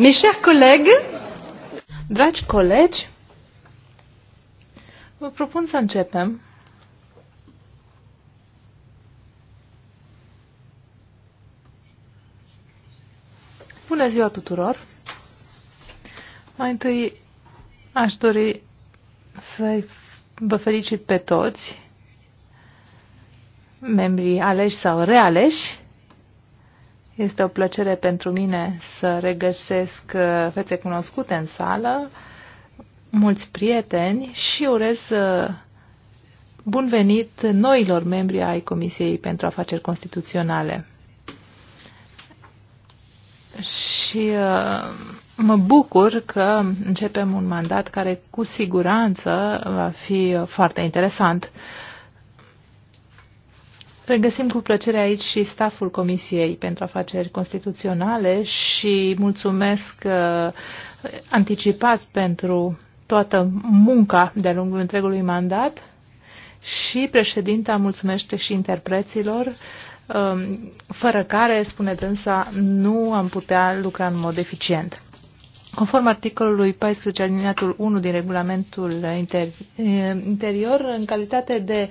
Mes chers collègues, Dragi colegi, vă propun să începem. Bună ziua tuturor! Mai întâi aș dori să vă felicit pe toți, membrii aleși sau realeși, este o plăcere pentru mine să regăsesc uh, fețe cunoscute în sală, mulți prieteni și urez uh, bun venit noilor membri ai Comisiei pentru Afaceri Constituționale. Și uh, mă bucur că începem un mandat care cu siguranță va fi foarte interesant. Regăsim cu plăcere aici și staful Comisiei pentru Afaceri Constituționale și mulțumesc uh, anticipat pentru toată munca de-a lungul întregului mandat și președinta mulțumește și interpreților, um, fără care, spune dânsa, nu am putea lucra în mod eficient. Conform articolului 14 aliniatul 1 din regulamentul interior, în calitate de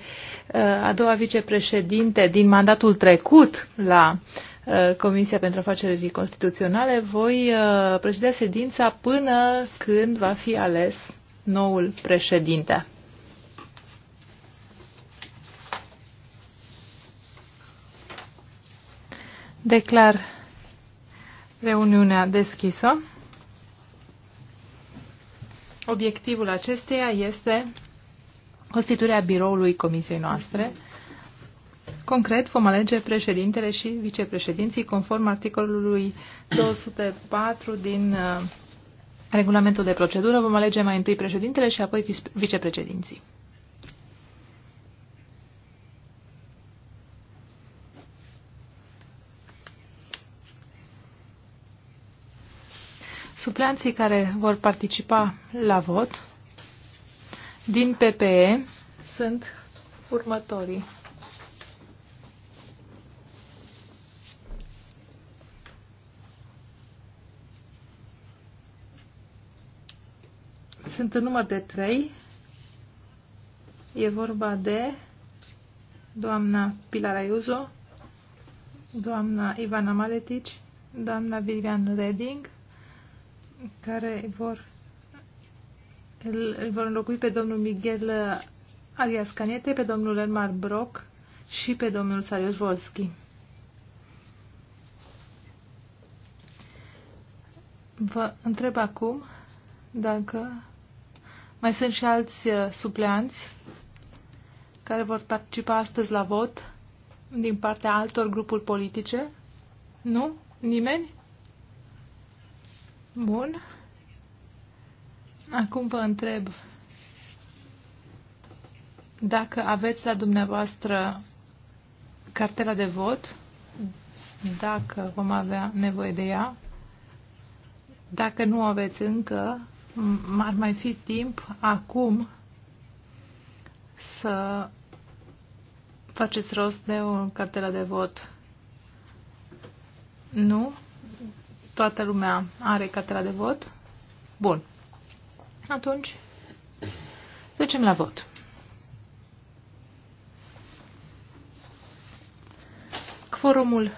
uh, a doua vicepreședinte din mandatul trecut la uh, Comisia pentru Afaceri Constituționale, voi uh, prezida ședința până când va fi ales noul președinte. Declar reuniunea deschisă. Obiectivul acesteia este constituirea biroului comisiei noastre. Concret, vom alege președintele și vicepreședinții conform articolului 204 din uh, regulamentul de procedură. Vom alege mai întâi președintele și apoi vicepreședinții. supleanții care vor participa la vot din PPE sunt următorii. Sunt în număr de 3. E vorba de doamna Pilar Ayuso, doamna Ivana Maletici, doamna Vivian Reding, care vor, îl, îl vor înlocui pe domnul Miguel Arias Canete, pe domnul Elmar Brock și pe domnul Sarius Volski. Vă întreb acum dacă mai sunt și alți uh, supleanți care vor participa astăzi la vot din partea altor grupuri politice? Nu? Nimeni? Bun. Acum vă întreb dacă aveți la dumneavoastră cartela de vot, dacă vom avea nevoie de ea. Dacă nu aveți încă, ar mai fi timp acum să faceți rost de o cartela de vot. Nu? Toată lumea are cartela de vot? Bun. Atunci, trecem la vot. Forumul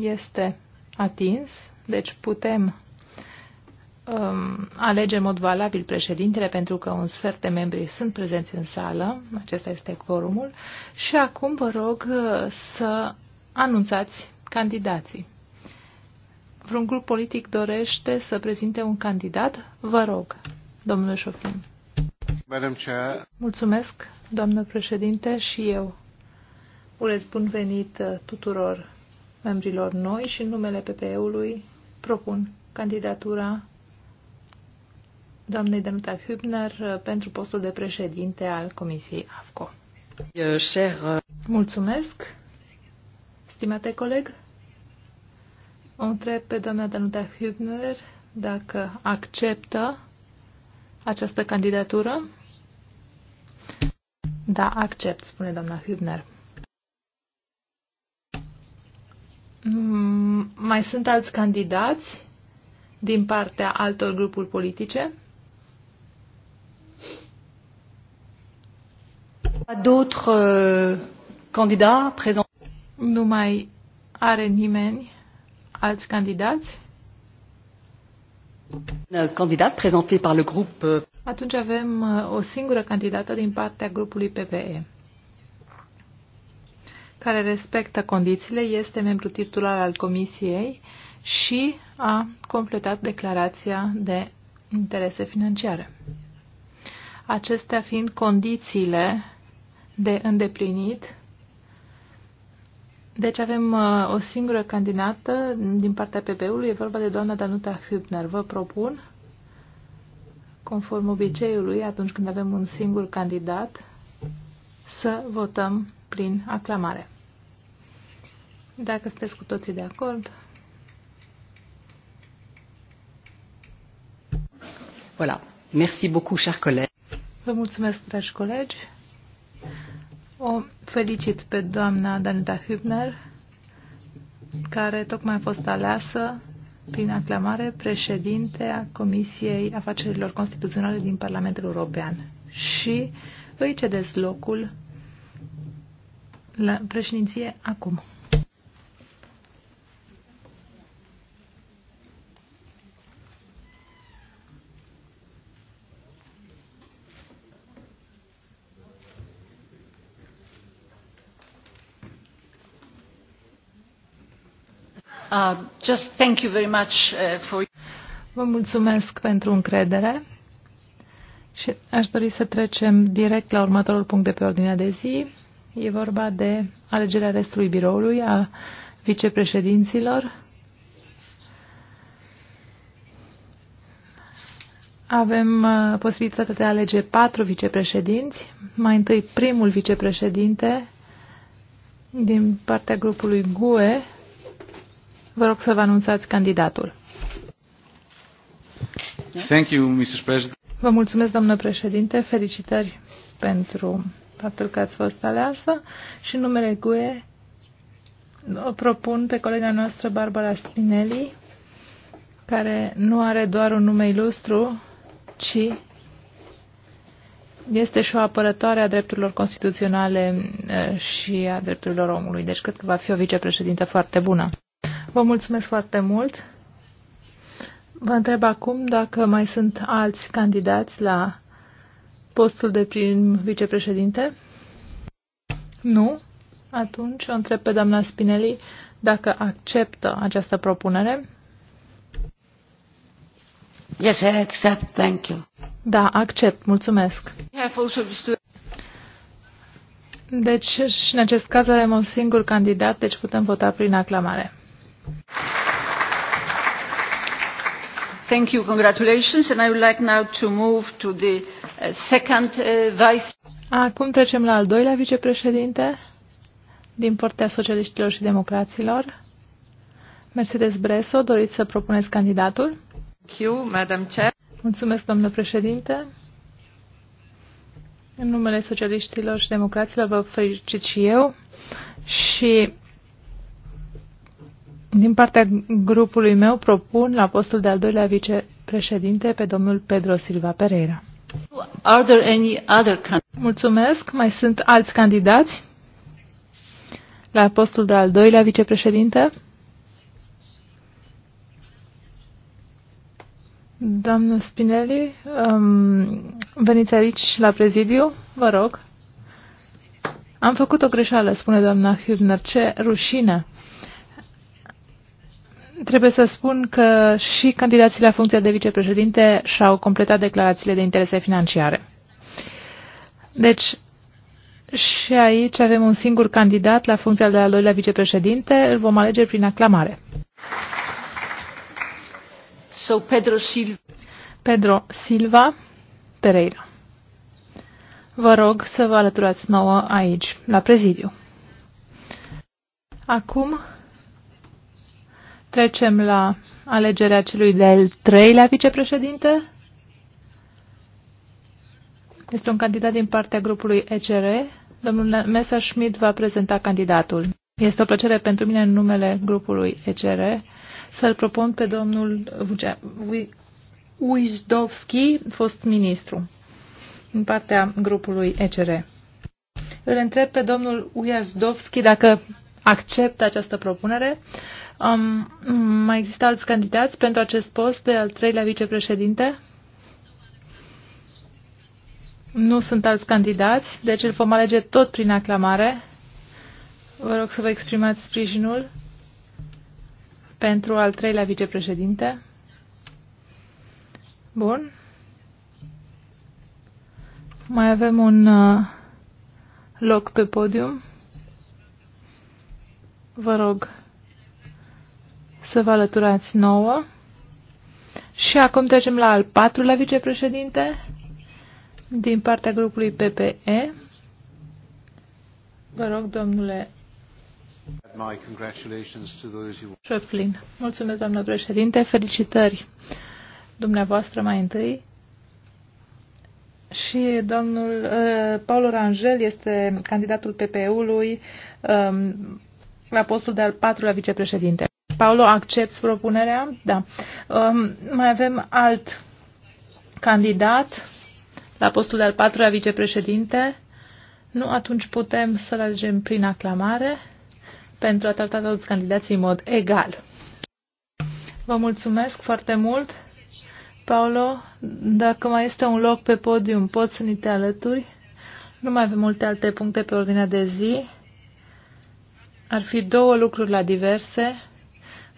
este atins, deci putem um, alege în mod valabil președintele pentru că un sfert de membri sunt prezenți în sală, acesta este quorumul, și acum vă rog uh, să anunțați candidații vreun grup politic dorește să prezinte un candidat, vă rog, domnule Șoflin. Mulțumesc, doamnă președinte, și eu urez bun venit uh, tuturor membrilor noi și în numele PPE-ului propun candidatura doamnei Danuta Hübner uh, pentru postul de președinte al Comisiei AFCO. Euh, euh, Mulțumesc, stimate coleg. O întreb pe doamna Danuta Hübner dacă acceptă această candidatură. Da, accept, spune doamna Hübner. Mm, mai sunt alți candidați din partea altor grupuri politice? D'autres euh, candidats présents? Nu mai are nimeni Alți candidați? Candidat prezentat par le grup. Euh, Atunci avem uh, o singură candidată din partea grupului PPE care respectă condițiile, este membru titular al comisiei și a completat declarația de interese financiare. Acestea fiind condițiile de îndeplinit deci avem uh, o singură candidată din partea PB-ului, e vorba de doamna Danuta Hübner. Vă propun, conform obiceiului, atunci când avem un singur candidat, să votăm prin aclamare. Dacă sunteți cu toții de acord. Voilà. Merci beaucoup, chers collègues. Vă mulțumesc, dragi colegi. O felicit pe doamna Danuta Hübner, care tocmai a fost aleasă prin aclamare președinte a Comisiei Afacerilor Constituționale din Parlamentul European și îi cedez locul la președinție acum. Uh, uh, Vă mulțumesc pentru încredere și aș dori să trecem direct la următorul punct de pe ordinea de zi. E vorba de alegerea restului biroului, a vicepreședinților. Avem uh, posibilitatea de a alege patru vicepreședinți. Mai întâi primul vicepreședinte din partea grupului GUE, Vă rog să vă anunțați candidatul. Thank you, Mr. President. Vă mulțumesc, doamnă președinte. Felicitări pentru faptul că ați fost aleasă și numele GUE o propun pe colega noastră, Barbara Spinelli, care nu are doar un nume ilustru, ci este și o apărătoare a drepturilor constituționale eh, și a drepturilor omului. Deci cred că va fi o vicepreședintă foarte bună. Vă mulțumesc foarte mult. Vă întreb acum dacă mai sunt alți candidați la postul de prim vicepreședinte. Nu? Atunci o întreb pe doamna Spinelli dacă acceptă această propunere. Yes, I accept. Thank you. Da, accept. Mulțumesc. Deci, și în acest caz avem un singur candidat, deci putem vota prin aclamare. Thank you, congratulations, and I would like now to move to the uh, second uh, vice. Acum trecem la al doilea vicepreședinte din partea socialiștilor și democraților. Mercedes Bresso doriți să propuneți candidatul? Thank you, Madam Chair. Mulțumesc, domnule președinte. În numele socialiștilor și democraților vă felicit și eu și din partea grupului meu propun la postul de al doilea vicepreședinte pe domnul Pedro Silva Pereira. Are there any other Mulțumesc. Mai sunt alți candidați la postul de al doilea vicepreședinte? Doamnă Spinelli, um, veniți aici la prezidiu, vă rog. Am făcut o greșeală, spune doamna Hübner. Ce rușine! Trebuie să spun că și candidații la funcția de vicepreședinte și-au completat declarațiile de interese financiare. Deci, și aici avem un singur candidat la funcția de al doilea vicepreședinte, îl vom alege prin aclamare. So Pedro Silva. Pedro Silva Pereira. Vă rog să vă alăturați nouă aici, la prezidiu. Acum Trecem la alegerea celui de-al treilea vicepreședinte. Este un candidat din partea grupului ECR. Domnul Messerschmidt va prezenta candidatul. Este o plăcere pentru mine în numele grupului ECR să-l propun pe domnul Uizdovski, fost ministru, din partea grupului ECR. Îl întreb pe domnul Uizdovski dacă acceptă această propunere. Uh, Um, mai există alți candidați pentru acest post de al treilea vicepreședinte? Nu sunt alți candidați, deci îl vom alege tot prin aclamare. Vă rog să vă exprimați sprijinul pentru al treilea vicepreședinte. Bun. Mai avem un uh, loc pe podium. Vă rog să vă alăturați nouă. Și acum trecem la al patrulea vicepreședinte din partea grupului PPE. Vă rog, domnule Șoflin. Mulțumesc, doamnă președinte. Felicitări dumneavoastră mai întâi. Și domnul uh, Paul Rangel este candidatul PPE-ului um, la postul de al patrulea vicepreședinte. Paulo, accepti propunerea? Da. Um, mai avem alt candidat la postul de-al patrulea vicepreședinte. Nu, atunci putem să-l alegem prin aclamare pentru a trata toți candidații în mod egal. Vă mulțumesc foarte mult. Paolo, dacă mai este un loc pe podium, poți să ni te alături? Nu mai avem multe alte puncte pe ordinea de zi. Ar fi două lucruri la diverse.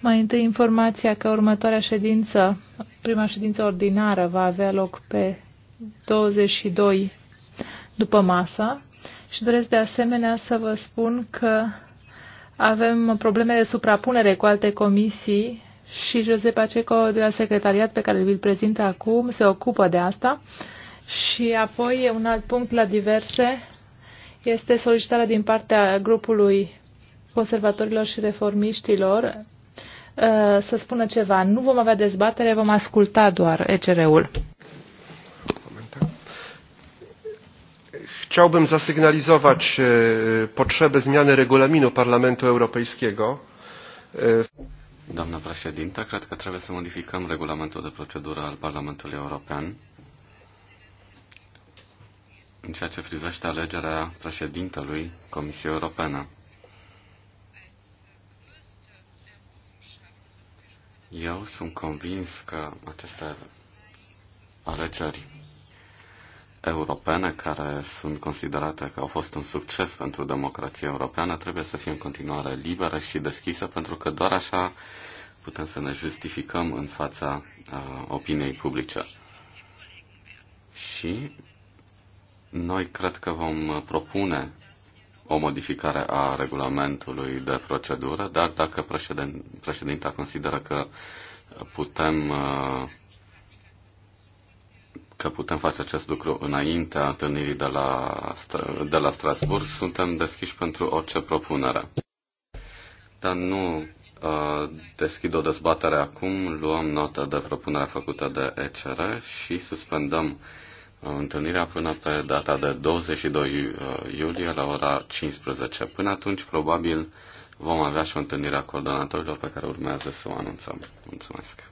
Mai întâi informația că următoarea ședință, prima ședință ordinară, va avea loc pe 22 după masă și doresc de asemenea să vă spun că avem probleme de suprapunere cu alte comisii și Josep Paceco de la secretariat pe care vi-l prezintă acum se ocupă de asta. Și apoi un alt punct la diverse este solicitarea din partea grupului conservatorilor și reformiștilor Uh, să spună ceva. Nu vom avea dezbatere, vom asculta doar ECR-ul. Chciałbym zasygnalizować potrzebę zmiany regulaminu Parlamentu Europejskiego. Doamna președintă, cred că trebuie să modificăm regulamentul de procedură al Parlamentului European în ceea ce privește alegerea președintelui Comisiei Europene. Eu sunt convins că aceste alegeri europene care sunt considerate că au fost un succes pentru democrația europeană trebuie să fie în continuare libere și deschise pentru că doar așa putem să ne justificăm în fața uh, opiniei publice. Și noi cred că vom propune o modificare a regulamentului de procedură, dar dacă președin, președinta consideră că putem că putem face acest lucru înaintea întâlnirii de la, de la Strasburg, suntem deschiși pentru orice propunere. Dar nu ă, deschid o dezbatere acum, luăm notă de propunerea făcută de ECR și suspendăm întâlnirea până pe data de 22 uh, iulie la ora 15. Până atunci, probabil, vom avea și o întâlnire a coordonatorilor pe care urmează să o anunțăm. Mulțumesc!